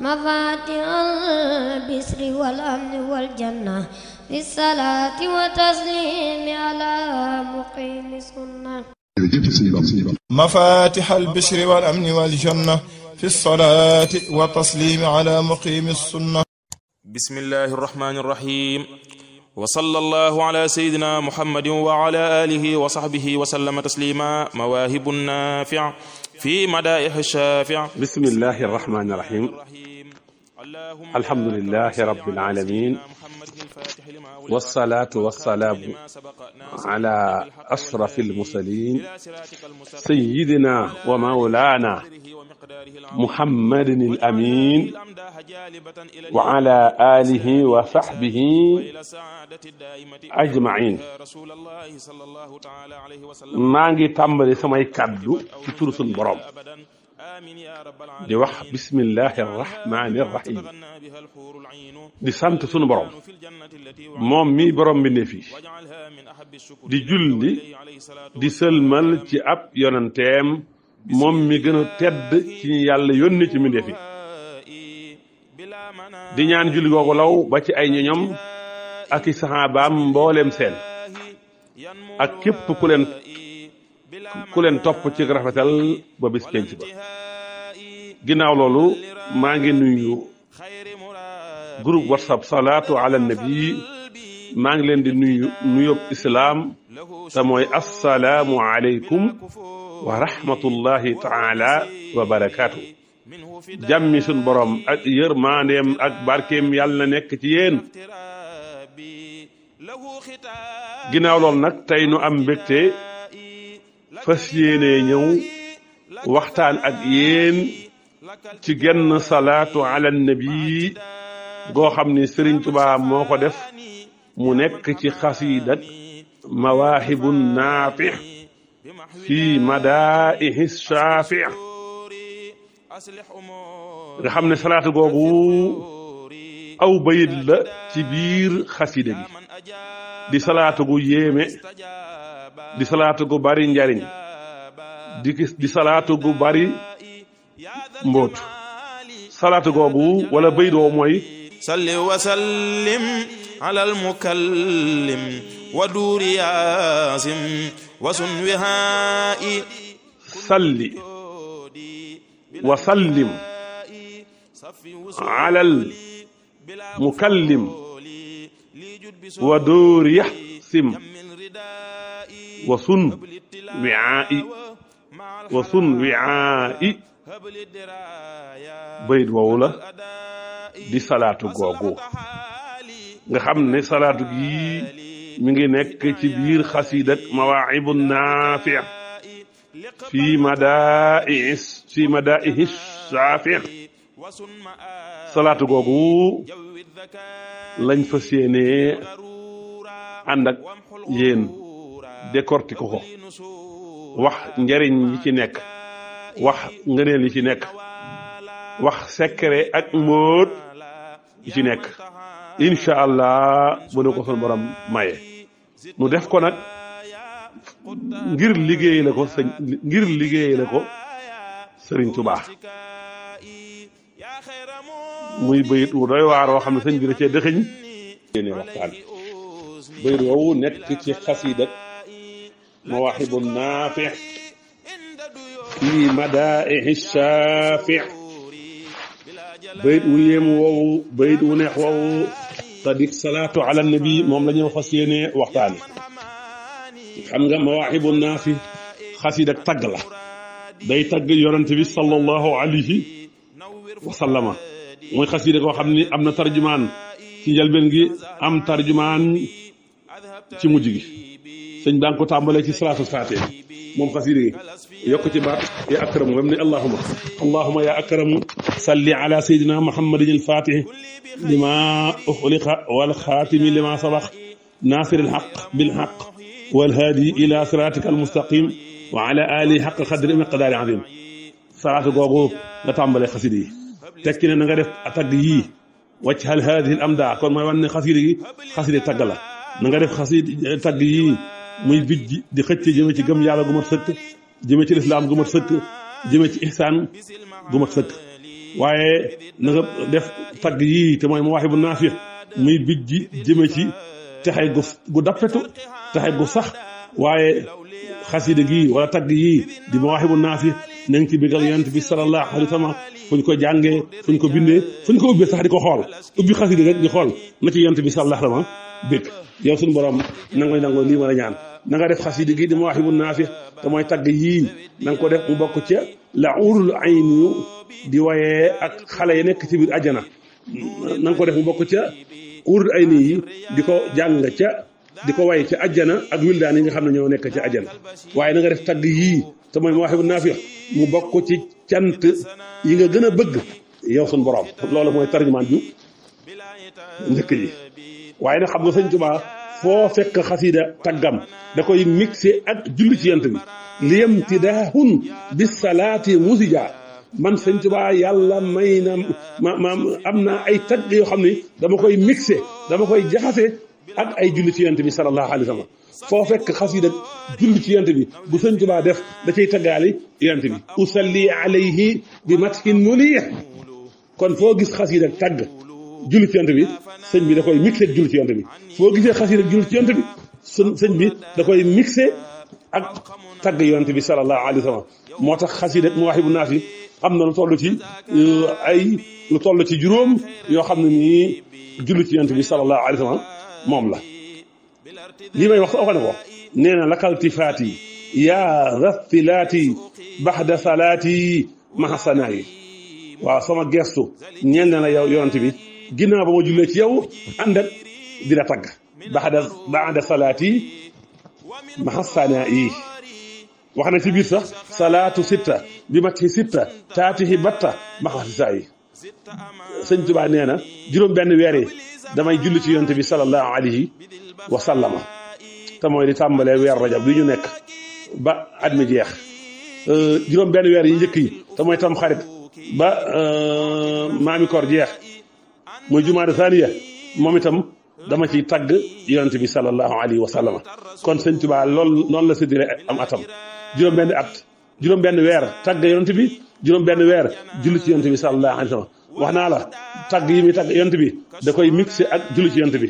مفاتح البسر والأمن والجنة بالصلاة وتسليم على مقيم سنة مفاتح البشر والأمن والجنة في الصلاة وتسليم على مقيم السنة بسم الله الرحمن الرحيم وصلى الله على سيدنا محمد وعلى آله وصحبه وسلم تسليما مواهب النافع في مدائح الشافع بسم الله الرحمن الرحيم alhamdulilahi rabbil alamin wasalaatu wasalaamu ala ashrafil mursalin sayyidina wa mawlaana muhammadinil amiin wa ala aalihi wa sahbihi ajma'iin. maa ngi tàmbali samay kàddu ci turu sunu borom. di wax bismillahi rahmaani rahim di sant sunu borom moom mi borom bi ne fii di julli di sëlmal ci ab yonenteem moom mi gën a tedd ci ñu yàlla yónni ci mbindeef yi di ñaan julli googu law ba ci ay ñoñom ak i saxaabaam mbooleem seen ak képp ku leen ku leen topp ci rafetal ba bis penc loolu maa ngi nuyu groupe whatsapp salaatu ala nabi maa ngi leen di nuyu nuyób islaam te mooy assalaamu aleykum wa rahmatullahi taala wa barakaatu jàmmi suñ borom ak yërmaandeem ak barkeem yàlla na nekk ci yéen ginnaaw loolu nag tey am mbégte fas yéene ñëw waxtaan ak yéen ci genn salaatu ala nabi goo xam ni sëriñ Tuubaa moo ko def mu nekk ci xasiidak mawaahibun naafix fii madaa'ihi shaafi nga xam ne salaatu googu aw bayit la ci biir xasida gi di salaatu gu yéeme di salaatu bari njariñ di di salaatu gu bari mbóot salaatu googu wala béy doo mooy salli wa sallim ala almukallim wa duuri yaasim wa sun wihaai salli wa sallim ala almukallim wa duuri yaasim wa sun wiaai wa bayit woowu la di salaatu googu nga xam ni salaatu gii mu ngi nekk ci biir xasiidak mawaahibu naafi fii madaai fii madaaihi saafi salaatu googu lañ fa yéenee ànd ak yéen décortiquer ko wax njariñ yi ci nekk wax ngeneen yi ci nekk wax secret ak mbóot yi ci nekk incha allah bu ne ko sunu borom maye mu def ko nag ngir liggéey la ko sëñ ngir liggéey ko sëriñ Tuubaa muy bayit wu doy waar xam ne sëñ bi da cee dëxëñ yéene waxtaan bayit woowu ci xasiida mawaahibu naafi' fii madaa'ihi shaafi' bayit wu yéemu woowu bayit wu neex woowu te di salaatu ala nabi moom la ñu fas yéene waxtaane xam nga mawaahibu naafi' xasiid ak tagg la day tagg yonent bi sallallahu alayhi wa sallama mooy xasiida koo xam ni am na tarjumaan ci njëlbeen gi am tarjumaan ci mujj gi sëñ daan ko tàmbalee ci salaatul faatiha moom xasida yi yokk ci baat yaa akramu ba mu ne allahuma allahuma yaa akramu salli ala sayyidina muhammadin al faatihi lima uxliqa wal xaatimi lima sabax naasiri al xaq bil xaq wal haadi ila siraatika al mustaqim wa ala alihi xaq xadri miqdaari azim salaatu googu nga tàmbalee xasida yi tekki ne na nga def tagg yii wacc hal haadihi al amda kon mooy wan ne xasida yi xasida tagg la na nga def xasida tagg yii muy bit ji di xëcce jëme ci gëm yàlla gu mat sëkk jëme ci lislaam gu mat sëkk jëme ci ihsaan gu mat sëkk waaye na nga def tagg yii te mooy mawaahibu naafi muy bit ji jëme ci taxay gu gu dappetu taxay gu sax waaye xasida gi wala tagg yii di mawaahibu naafi na nga ci bégal yonent bi sallallahu alayhi wa sallam fu ñu ko jàngee fu ñu ko bindee fu ñu ko ubbee sax di ko xool ubbi xasida rek di xool na ci yonent bi sallallahu alayhi wa sallam bég yow suñu borom nangoo nangoo lii ma la ñaan na nga def xasida gi di mawaahibu naafi te tagg yii na ko def mu bokk ca la urul ayn yu di ak xale yi nekk ci biir ajana ko def mu bokk ca urul ayn yi di ko jàng ca di ko way ca ajana ak wildaan yi nga xam ne ñoo nekk ca ajana waaye na def tagg yii te mooy mawaahibu naafi mu bokk ci cant yi nga gën a bëgg yow suñu borom loolu mooy tarjumaan ju njëkk yi waaye nag xam nga sëñ foo fekk xasida taggam da koy mixé ak julli ci yant bi liyam tidaahun bi salaati musija man sëñ Tuubaa yàlla may am naa ay tagg yoo xam ne dama koy mixé dama koy jaxase ak ay julli ci yant bi sallallahu alayhi wa sallam foo fekk xasida julli ci yant bi bu sëñ Tuubaa def da cay taggaali yant bi usalli alayhi bi mathin muniyah kon foo gis xasida tagg julli ci yonent bi sëñ bi da koy mixé ak julli ci yonent bi foo gisee xasida julli bi sëñ sëñ bi da koy mixé ak tagg yonent bi sallallahu alayhi wa sallam moo tax xasida Mawaahibu Naafi am na lu toll ci euh, ay lu toll ci juróom yoo xam ne nii julli bi sallallahu alayhi wa sallam moom la lii may wax ko ne ko nee na lakal tifaati yaa rattilaati baxda salaati mahasanayi waaw sama gestu ñeel na la yow yonent bi ginnaaw ba ma ci yow àndan di la tagg baxda baxda salaat yi maxasanaa yi wax na ci biir sax salaatu sitta bi mat ci sitta taatihi batta maxasisaa yi sëñ Tuubaa nee na juróom benn weer damay julli ci yonte bi sallallahu alayhi wa sallama te mooy di tàmbalee weer rajab bi ñu nekk ba at mi jeex euh, juróom benn weer yi njëkk yi te mooy tam xarit ba euh, maami koor jeex muy jumaada saaniya moom itam dama ciy tagg yonent bi sallallahu alayhi wa sallam kon sëñ Tuubaa loolu noonu la séddale am atam juróom-benn at juróom-benn weer tagg yonent bi juróom-benn weer julli ci yonent bi sallallahu wax naa la tagg yi muy tagg yonent bi da koy mixé ak julli ci yonent bi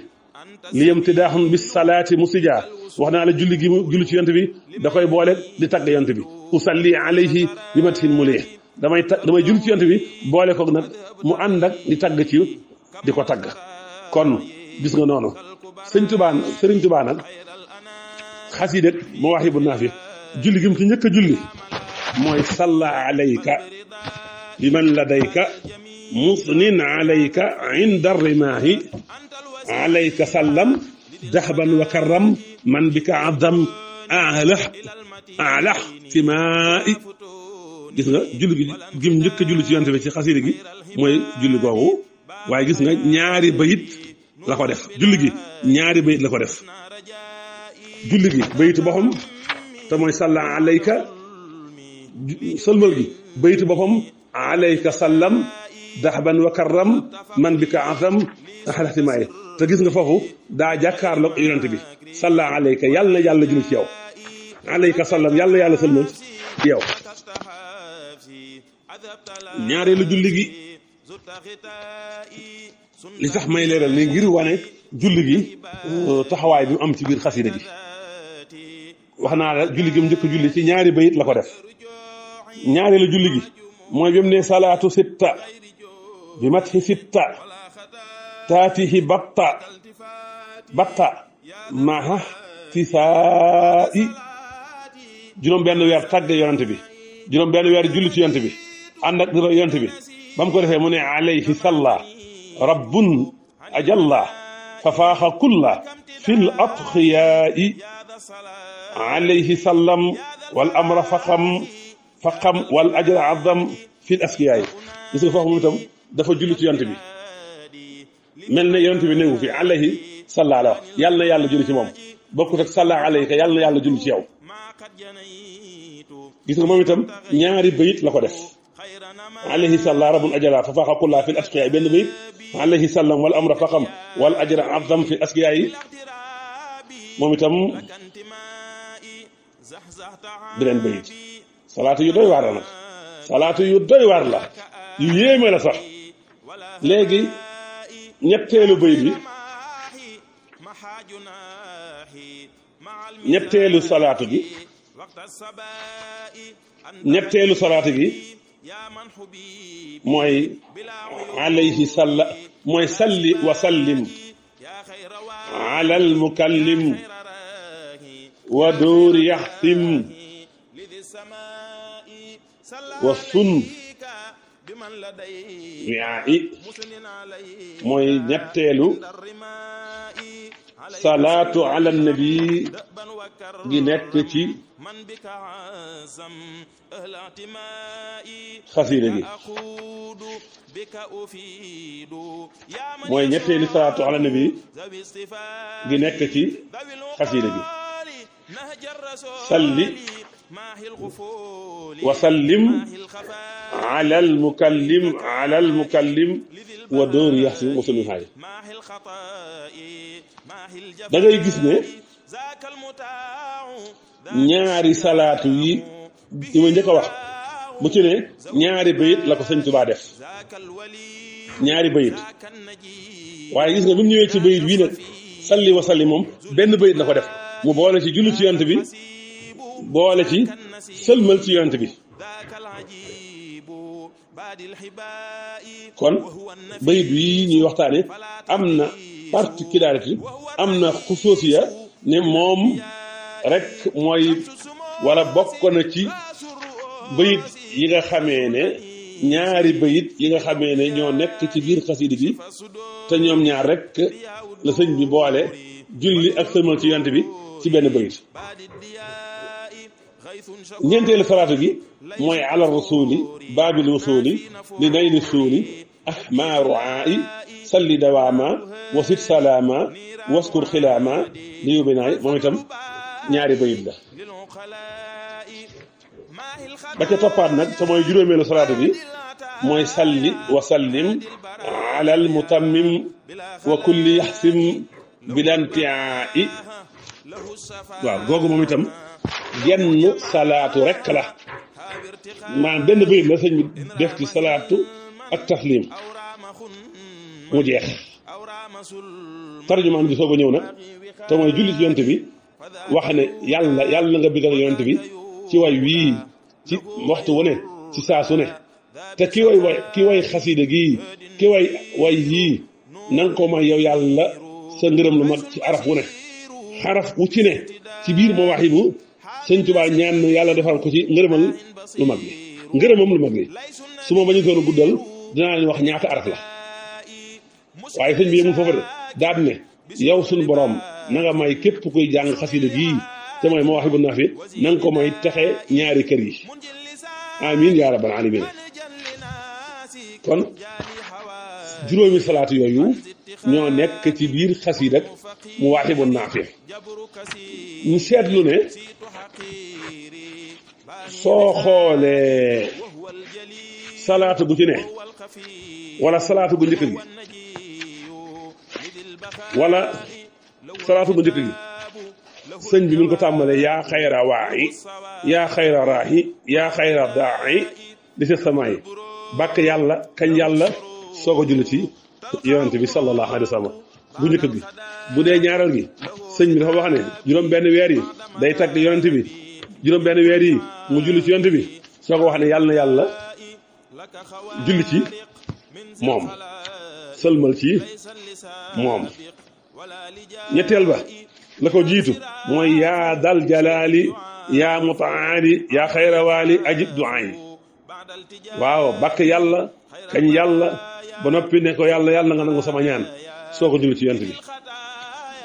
li yem ti daaxum bis salaati musija wax naa la julli gi mu julli ci yonent bi da koy boole di tagg yonent bi usalli alayhi bi matihin mulih damay tag damay julli ci yonent bi boole koog nag mu ànd ak di tagg ci di ko tagg kon gis nga noonu sëñ tubaa sëriñ tubaa nag xasiidat naafi julli gi mu njëkk a julli mooy salla alayka bi man ladayka musnin alayka inda rimaahi alayka sallam dahban wa karram man bika adam alax alax julli gi gim njëkk a julli ci yonte bi ci xasiida gi mooy julli googu waaye gis nga ñaari bayit la ko def julli gi ñaari bayit la ko def julli gi bayitu boppam te mooy salla alayka sëlmal gi bayitu boppam alayka sallam daxban wa karram man bi ka azam axalatimaay te gis nga foofu daa jàkkaarloog yonent bi salla alayka yàlla na yàlla julli ci yow alayka sallam yàlla na yàlla sëlmal ci yow ñaareelu julli gi li tax may leeral ni ngir wane julli gi euh, taxawaay bi mu am ci biir xasida gi wax naa la julli gi mu njëkk julli ci ñaari bayit la ko def ñaari la julli gi mooy bi mu ne salaatu sitta bi matxi sitta taatihi batta batta maha tisaa i juróom benn weer tàgge yonent bi juróom benn weer julli ci yonent bi ànd ak dara yonent bi ba mu ko defee mu ne alayhi salla rabbun ajalla fafaaxa kulla fil atxiyaai alayhi sallam wal amra faqam faqam wal ajra azam fil itam dafa julli ci yonent bi mel ne yonent bi néewu fi alayhi salla yàlla na yàlla julli ci moom bokkut ak salla alayka yàlla na yàlla julli ci yow gis nga moom itam ñaari bayit la ko def alayhi salla rabun ajala fa faxa kulla fi l asqiya benn bayit alayhi sallam wal amra faxam wal ajra azam fi asqiya yi moom itam beneen yu doy waar yu doy sax léegi ñetteelu bayit bi ñetteelu salaatu gi gi mooy alayhi salla mooy salli wa sallim ala almukallim wa dóor yaxtim wa sun wiaai mooy ñetteelu salaatu ala nabi gi nekk ci xasida gi mooy ñetteelu salaatu ala nabi gi nekk ci xasida gi salli wa sallim ala al mukallim ala al mukallim wa dóor yaxsin wa suluhaay da ngay gis ne ñaari salaatu yi di ma njëkk a wax bu ci ne ñaari bayit la ko sëñ Tuubaa def ñaari bayit waaye gis nga bi mu ñëwee ci bayit wii nag salli wa salli moom benn bayit la ko def mu boole ci julli ci yonent bi boole ci sëlmal ci yonent bi kon bayit wii ñuy waxtaane am na particularité am na xusuusiya ni moom rek mooy wala bokk na ci bayit yi nga xamee ne ñaari bayit yi nga xamee ne ñoo nekk ci biir xasida gi te ñoom ñaar rek la sëñ bi boole julli ak sëmal ci yonent bi ci benn bayit ñeenteelu faraatu gi mooy ala rasuli babil rasuli li nay ni suuli ahmaaru aa salli dawaama wasit salaama waskur xilaama li yóbbi naay ñaari bayit la ba nag te mooy juróomeelu salaatu bi mooy salli wa sallim alal mutammim wa kulli yaxsim bilantiaai waaw googu moom itam genn salaatu rekk la maanaam benn bayit la sëñ bi taslim mu jeex tarjumaan bi soog a ñëw nag te mooy julli ci yonent bi wax ne yàlla yàlla nga bigal yonent bi ci way wii ci waxtu wu ne ci saa su ne te ki way way ki way xasiida gii ki way way yii na ko may yow yàlla sa ngërëm lu mag ci araf wu ne xaraf wu ci ne ci biir ma wax yi bu sëñ Tuubaa ñaan yàlla defal ko ci ngërëmal lu mag li ngërëmam lu mag li su ma bañu doon guddal dinaa leen wax ñaata araf la waaye sëñ bi yemul yow suñu boroom na nga may képp kuy jàng xasida gii te mooy Mawaahibu Naafi na nga ko may texe ñaari kër yi amin yaa rabbal alamin kon juróomi salaatu yooyu ñoo nekk ci biir xasida ak Mawaahibu Naafi ñu seetlu ne soo xoolee salaatu gu ci ne wala salaatu gu njëkk gi wala salaatu bu njëkk gi sëñ bi mi ko tàmbalee yaa xayra waayi yaa xayra raahi yaa xayra daayi di ci sama yi bàkk yàlla kañ yàlla soog a julli ci yonent bi sallallahu alayhi wa bu njëkk bi bu dee ñaareel gi sëñ bi dafa wax ne juróom benn weer yi day tagg yonent bi juróom benn weer yi mu julli ci yonent bi soo ko wax ne yàlla na yàlla julli ci moom sëlmal ci moom ñetteel ba la ko jiitu mooy yaa dal jalaali yaa mutaali yaa xayrawaali ajib duaa yi waaw bakk yàlla kañ yàlla ba noppi ne ko yàlla yàlla nga nangu sama ñaan soo ko julli ci yonent bi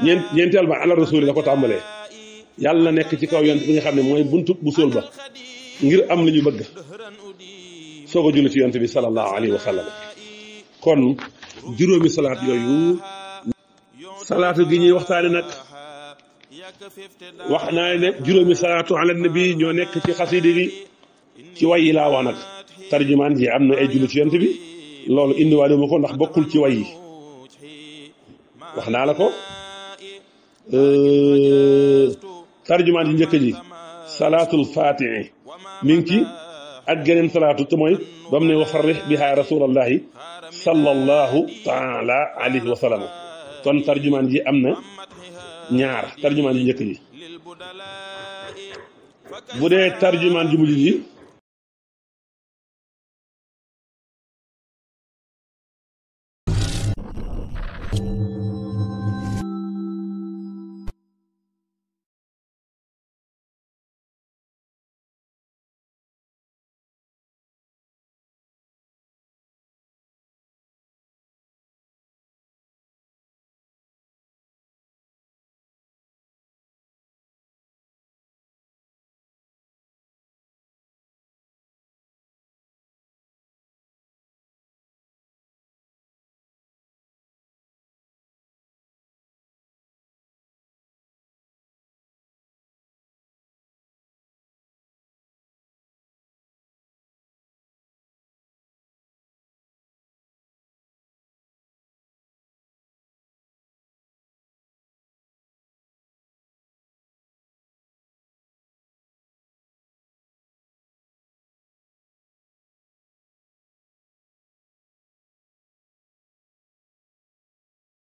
ñeent ñeenteel ba ala rasuli la ko tàmbalee yàlla nekk ci kaw yonent bi nga xam ne mooy buntu bu sóol ba ngir am li ñu bëgg soo ko julli ci yonent bi sallallahu alayhi wa sallam salaat yooyu salaatu gi ñuy waxtaane nag wax naa ne juróomi salaatu ala nabi ñoo nekk ci xasida bi ci wayi yi laa wax nag tarjumaan ji am na ay julli ci yonent bi loolu indiwaale ma ko ndax bokkul ci way yi wax naa la ko euh, tarjumaan ji njëkk ji salaatul faatihi mi ngi ci ak geneen salaatu te mooy ba mu ne wa farrih taala alayhi wa kon tarjumaan ji am na ñaar tarjumaan ji njëkk bu dee tarjumaan ji mujj